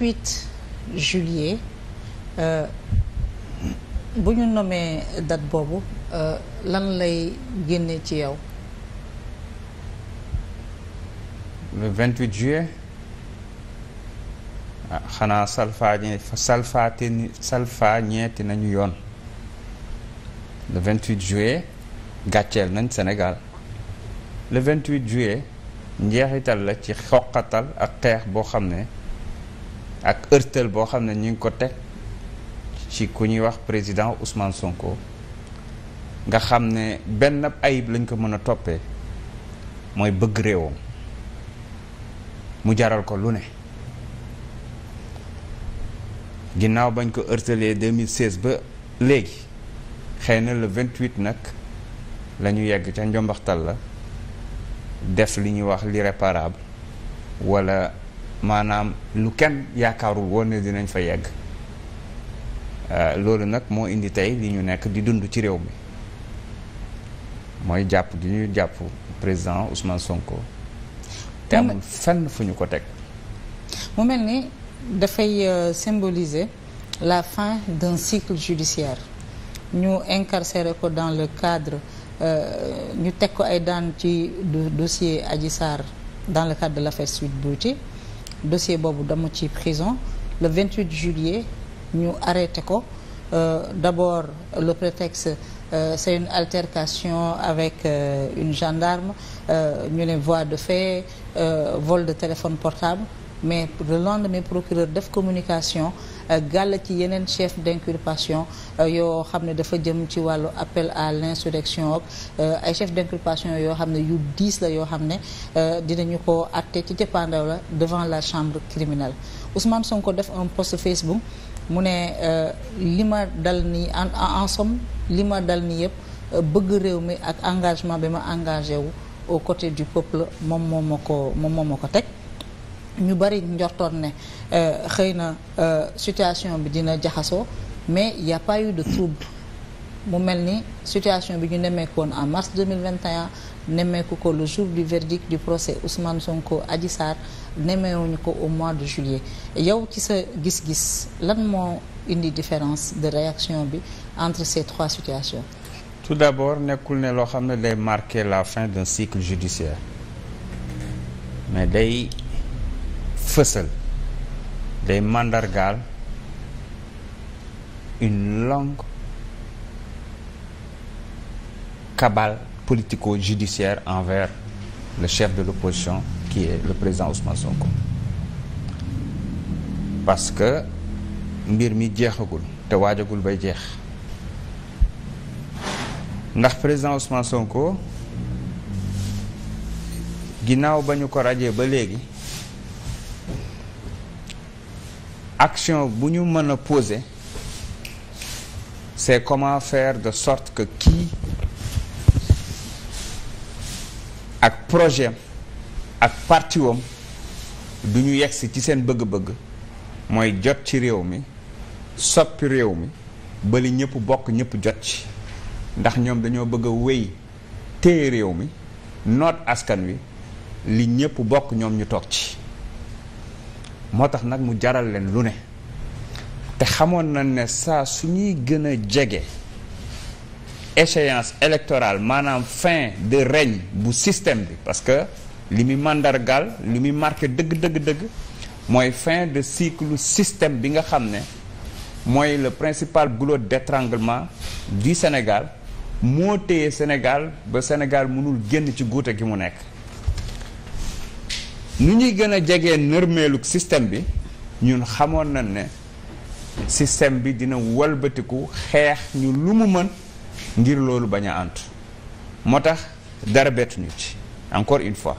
8 juillet euh, bu ñu nomee dat boobu euh, lan lay génne ci yow. le 28 juillet ah xanaa salfaañe salfaatee salfaañeeti nañu yoon le 28 juillet gàcceel nañ Sénégal le 28 juillet njeexital la ci xoqatal ak xeex boo xam ne. ak heurtel boo xam ne ñu ngi ko teg ci ku ñuy wax président Ousmane Sonko nga xam ne benn ayib lañ ko mën a toppee mooy bëgg réewam mu jaral ko lu ne ginnaaw bañ ko heurtelee 2016 ba léegi xëy na le 28 nag la ñu yegg ca njombaxtal la def li ñuy wax l'irréparable wala maanaam lu kenn yaakaarul woon ne dinañ fa yegg euh, loolu nag moo indi tey li ñu nekk di dund ci réew mi mooy jàpp gi ñuy jàpp président Ousmane Sonko. te amul fenn fu ñu ko teg. mu mel ni dafay euh, symboliser la fin d'un cycle judiciaire ñu incarcéré ko dans le cadre euh, ñu teg ko ay daan ci dossier Adji Sarr dans le cadre de l'affaire Sweet Beauté dossier boobu dama ci prison le 28 juillet ñu arrêté ko euh, d'abord le prétexte euh, c'est une altercation avec euh, une gendarme euh, ñu ne voie de fait euh, vol de téléphone portable mais le lendemain procureur def communication gàll ci yeneen chef d'inculpation euh, yoo xam ne dafa jëm ci wàllu appel à l'insurrection ak euh, ay chef d'inculpation yoo xam ne yu diis la yoo xam ne euh, dinañu ko àtte ci jëppaandaw la devant la chambre criminelle Ousmane ko def un post Facebook mu ne li ma dal nii en en somme li ma dal nii yëpp bëgg réew mi ak engagement bi ma engagé wu aux côtés du peuple moom moo ma ko moom moo ma ko teg ñu bari njortoon ne euh, xëy na euh, situation bi dina jaxasoo mais il y pas eu de trouble mu mel ni situation bi ñu nemmeeku woon en mars 2021 nemmeeku ko le jour du verdict du procès Ousmane Sonko Adji Sarr nemmeewuñu ko au mois de juillet yow ci sa gis-gis lan moo indi différence de réaction bi entre ces trois situations tout d'abord nekkul ne loo xam ne day marquer la fin d'un cycle judiciaire mais fësal day màndargaal une longue cabale politico-judiciaire envers le chef de l'opposition qui est le président Ousmane Sonko parce que mbir mi jeexagul te waajagul bay jeex ndax président Ousmane Sonko ginnaaw ba ñu ko rajee ba léegi action bu ñu mën a poser c'est comment faire de sorte que kii ak projet ak parti wam du ñu yegsi ci seen bëgg-bëgg mooy jot ci réew mi soppi réew mi bali ñëpp bokk ñëpp jot ci ndax ñoom dañoo bëgg a wéy téye réew mi noot askan wi li ñëpp bokk ñoom ñu toog ci moo tax nag mu jaral leen lu ne te xamoon na ne saa su ñuy gën a jege échéance électorale maanaam fin de règne bu système bi parce que li muy màndargaal li muy marqué dëgg dëgg dëgg mooy fin de cycle système bi nga xam ne mooy le principal goulot d'étranglement du Sénégal moo téye Sénégal ba Sénégal mënul génn ci guute gi mu nekk nu ñuy gën a jegee nërmeelug système bi ñun xamoon nañ ne système bi dina walbatiku xeex ñu lu mu mën ngir loolu bañ a ant moo tax dara bettuñu ci encore une fois